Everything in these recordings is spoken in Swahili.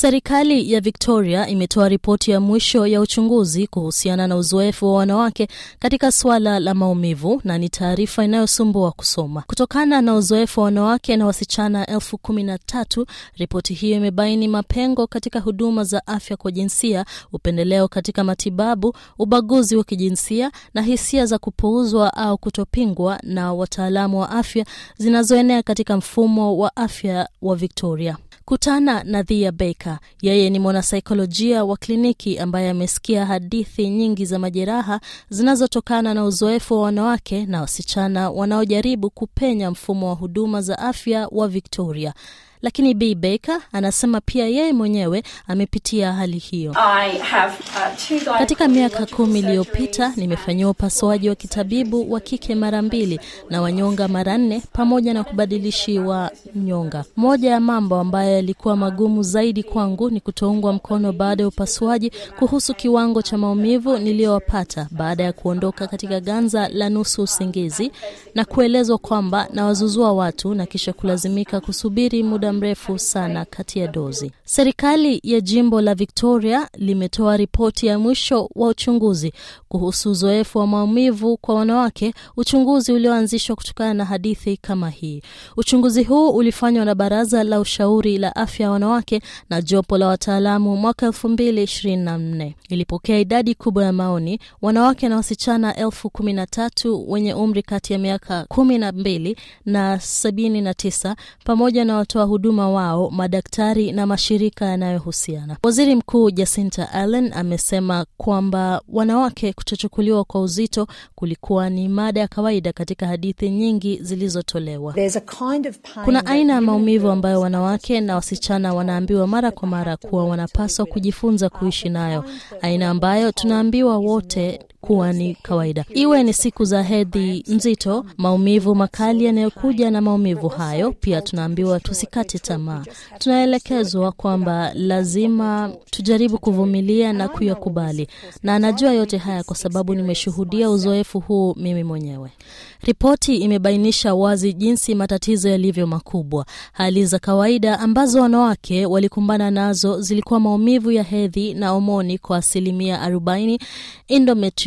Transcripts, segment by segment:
Serikali ya Victoria imetoa ripoti ya mwisho ya uchunguzi kuhusiana na uzoefu wa wanawake katika suala la maumivu na ni taarifa inayosumbua kusoma. Kutokana na uzoefu wa wanawake na wasichana elfu kumi na tatu, ripoti hiyo imebaini mapengo katika huduma za afya kwa jinsia, upendeleo katika matibabu, ubaguzi wa kijinsia na hisia za kupuuzwa au kutopingwa na wataalamu wa afya zinazoenea katika mfumo wa afya wa Victoria. Kutana na Dhia Beka. Yeye ni mwanasaikolojia wa kliniki ambaye amesikia hadithi nyingi za majeraha zinazotokana na uzoefu wa wanawake na wasichana wanaojaribu kupenya mfumo wa huduma za afya wa Victoria lakini b Baker anasema pia yeye mwenyewe amepitia hali hiyo. Uh, katika miaka kumi iliyopita nimefanyiwa upasuaji wa kitabibu wa kike mara mbili na wanyonga mara nne pamoja na kubadilishiwa nyonga. Moja ya mambo ambayo yalikuwa magumu zaidi kwangu ni kutoungwa mkono baada ya upasuaji kuhusu kiwango cha maumivu niliyowapata baada ya kuondoka katika ganza la nusu usingizi na kuelezwa kwamba nawazuzua watu na kisha kulazimika kusubiri muda muda mrefu sana kati ya dozi. Serikali ya jimbo la Victoria limetoa ripoti ya mwisho wa uchunguzi kuhusu uzoefu wa maumivu kwa wanawake, uchunguzi ulioanzishwa kutokana na hadithi kama hii. Uchunguzi huu ulifanywa na Baraza la Ushauri la Afya ya Wanawake na jopo la wataalamu mwaka nne. Ilipokea idadi kubwa ya maoni, wanawake na wasichana elfu kumi na tatu wenye umri kati ya miaka kumi na mbili na sabini na tisa pamoja na watoa huduma wao, madaktari na mashirika yanayohusiana. Waziri Mkuu Jacinta Allen amesema kwamba wanawake kutochukuliwa kwa uzito kulikuwa ni mada ya kawaida katika hadithi nyingi zilizotolewa. kind of kuna aina ya maumivu ambayo wanawake na wasichana wanaambiwa mara kwa mara kuwa wanapaswa kujifunza kuishi nayo, aina ambayo tunaambiwa wote kuwa ni kawaida, iwe ni siku za hedhi nzito, maumivu makali yanayokuja na maumivu hayo. Pia tunaambiwa tusikate tamaa, tunaelekezwa kwamba lazima tujaribu kuvumilia na kuyakubali, na anajua yote haya kwa sababu nimeshuhudia uzoefu huu mimi mwenyewe. Ripoti imebainisha wazi jinsi matatizo yalivyo makubwa. Hali za kawaida ambazo wanawake walikumbana nazo zilikuwa maumivu ya hedhi na omoni kwa asilimia 40,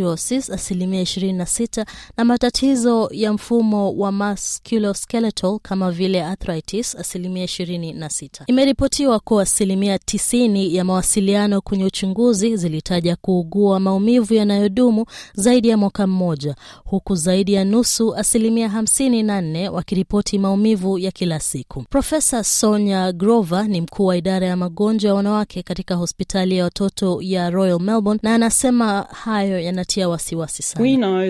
scoliosis asilimia 26 na matatizo ya mfumo wa musculoskeletal kama vile arthritis asilimia 26. Imeripotiwa kuwa asilimia 90 ya mawasiliano kwenye uchunguzi zilitaja kuugua maumivu yanayodumu zaidi ya mwaka mmoja, huku zaidi ya nusu asilimia 54 wakiripoti maumivu ya kila siku. Profesa Sonya Grover ni mkuu wa idara ya magonjwa ya wanawake katika hospitali ya watoto ya Royal Melbourne na anasema hayo yanat kututia wasiwasi sana.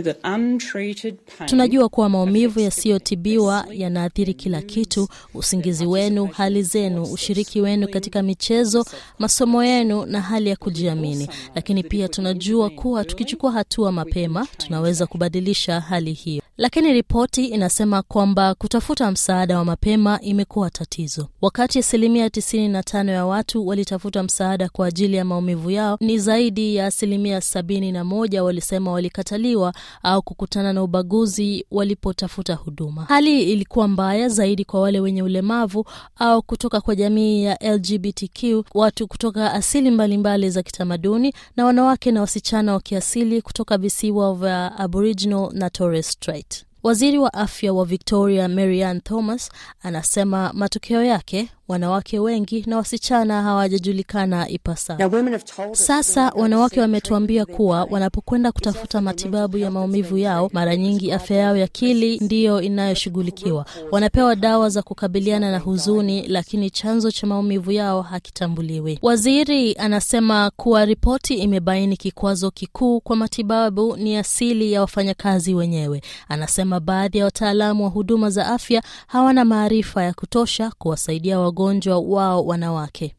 Tunajua kuwa maumivu yasiyotibiwa yanaathiri kila kitu: usingizi wenu, hali zenu, ushiriki wenu katika michezo, masomo yenu na hali ya kujiamini. Lakini pia tunajua kuwa tukichukua hatua mapema, tunaweza kubadilisha hali hiyo lakini ripoti inasema kwamba kutafuta msaada wa mapema imekuwa tatizo. Wakati asilimia 95 ya watu walitafuta msaada kwa ajili ya maumivu yao, ni zaidi ya asilimia 71 walisema walikataliwa au kukutana na ubaguzi walipotafuta huduma. Hali ilikuwa mbaya zaidi kwa wale wenye ulemavu au kutoka kwa jamii ya LGBTQ, watu kutoka asili mbalimbali mbali za kitamaduni, na wanawake na wasichana wa kiasili kutoka visiwa vya Aboriginal na Torres Strait. Waziri wa afya wa Victoria Marian Thomas anasema matokeo yake wanawake wengi na wasichana hawajajulikana ipasavyo. Sasa wanawake wametuambia kuwa wanapokwenda kutafuta matibabu ya maumivu yao, mara nyingi afya yao ya akili ndiyo inayoshughulikiwa. Wanapewa dawa za kukabiliana na huzuni, lakini chanzo cha maumivu yao hakitambuliwi. Waziri anasema kuwa ripoti imebaini kikwazo kikuu kwa matibabu ni asili ya wafanyakazi wenyewe. Anasema baadhi ya wataalamu wa huduma za afya hawana maarifa ya kutosha kuwasaidia wagonjwa wao wanawake.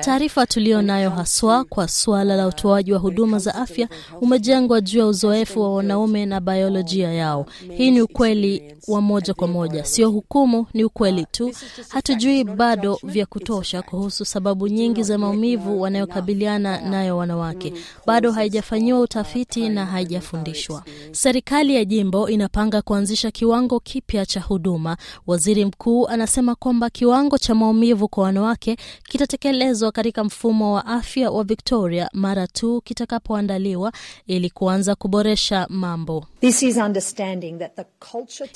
Taarifa tuliyo nayo haswa kwa suala la utoaji wa huduma za afya umejengwa juu ya uzoefu wa wanaume na biolojia yao. Hii ni ukweli wa moja kwa moja, sio hukumu, ni ukweli tu. Hatujui bado vya kutosha kuhusu sababu nyingi za maumivu wanayokabiliana nayo mm-hmm. wanawake. Bado haijafanyiwa utafiti na haijafundishwa. Serikali ya jimbo inapanga kuanzisha kiwango kipya cha huduma. Waziri mkuu anasema kwamba kiwango cha maumivu kwa mshikamano wake kitatekelezwa katika mfumo wa afya wa Victoria mara tu kitakapoandaliwa ili kuanza kuboresha mambo.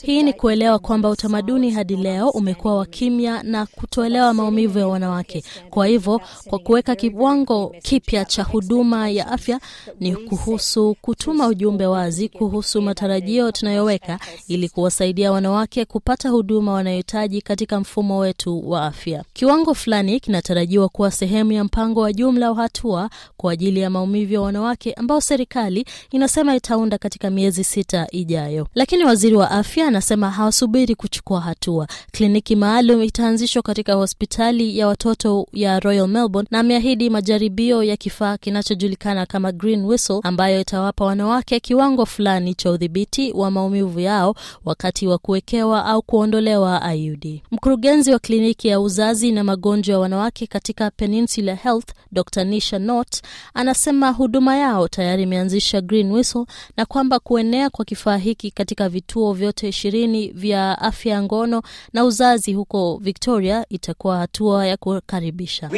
Hii ni kuelewa kwamba utamaduni hadi leo umekuwa wa kimya na kutoelewa maumivu ya wanawake. Kwa hivyo, kwa kuweka kiwango kipya cha huduma ya afya ni kuhusu kutuma ujumbe wazi kuhusu matarajio tunayoweka ili kuwasaidia wanawake kupata huduma wanayohitaji katika mfumo wetu wa afya Kiwango fulani kinatarajiwa kuwa sehemu ya mpango wa jumla wa hatua kwa ajili ya maumivu ya wanawake ambao serikali inasema itaunda katika miezi sita ijayo, lakini waziri wa afya anasema hawasubiri kuchukua hatua. Kliniki maalum itaanzishwa katika hospitali ya watoto ya Royal Melbourne na ameahidi majaribio ya kifaa kinachojulikana kama Green Whistle ambayo itawapa wanawake kiwango fulani cha udhibiti wa maumivu yao wakati wa kuwekewa au kuondolewa IUD. Mkurugenzi wa kliniki ya uzazi na magonjwa ya wanawake katika Peninsula Health, Dr Nisha Not anasema huduma yao tayari imeanzisha Green Whistle na kwamba kuenea kwa kifaa hiki katika vituo vyote ishirini vya afya ya ngono na uzazi huko Victoria itakuwa hatua ya kukaribisha.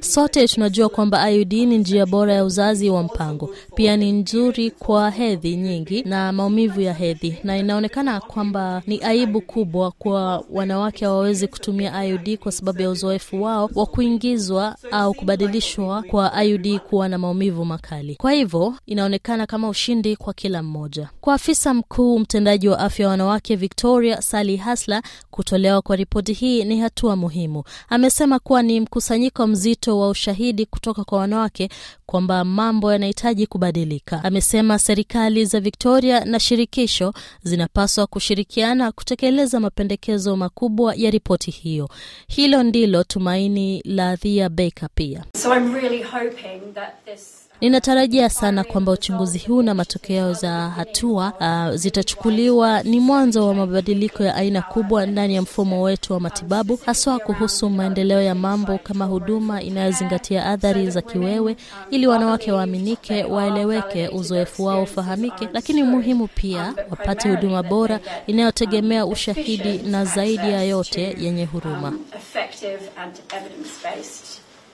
Sote tunajua kwamba IUD ni njia bora ya uzazi wa mpango, pia ni nzuri kwa hedhi nyingi na maumivu ya hedhi, na inaonekana kwamba ni aibu kubwa kwa wanawake hawawezi kutumia IUD kwa kwa sababu ya uzoefu wao wa kuingizwa au kubadilishwa kwa IUD kuwa na maumivu makali. Kwa hivyo inaonekana kama ushindi kwa kila mmoja. Kwa afisa mkuu mtendaji wa afya ya wanawake Victoria Sali Hasla Kutolewa kwa ripoti hii ni hatua muhimu. Amesema kuwa ni mkusanyiko mzito wa ushahidi kutoka kwa wanawake kwamba mambo yanahitaji kubadilika. Amesema serikali za Victoria na shirikisho zinapaswa kushirikiana kutekeleza mapendekezo makubwa ya ripoti hiyo. Hilo ndilo tumaini la Thea Baker pia. So I'm really hoping that this Ninatarajia sana kwamba uchunguzi huu na matokeo za hatua uh, zitachukuliwa ni mwanzo wa mabadiliko ya aina kubwa ndani ya mfumo wetu wa matibabu, haswa kuhusu maendeleo ya mambo kama huduma inayozingatia athari za kiwewe, ili wanawake waaminike, waeleweke, uzoefu wao ufahamike, lakini muhimu pia wapate huduma bora inayotegemea ushahidi na zaidi ya yote yenye huruma.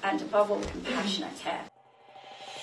And above all, compassionate care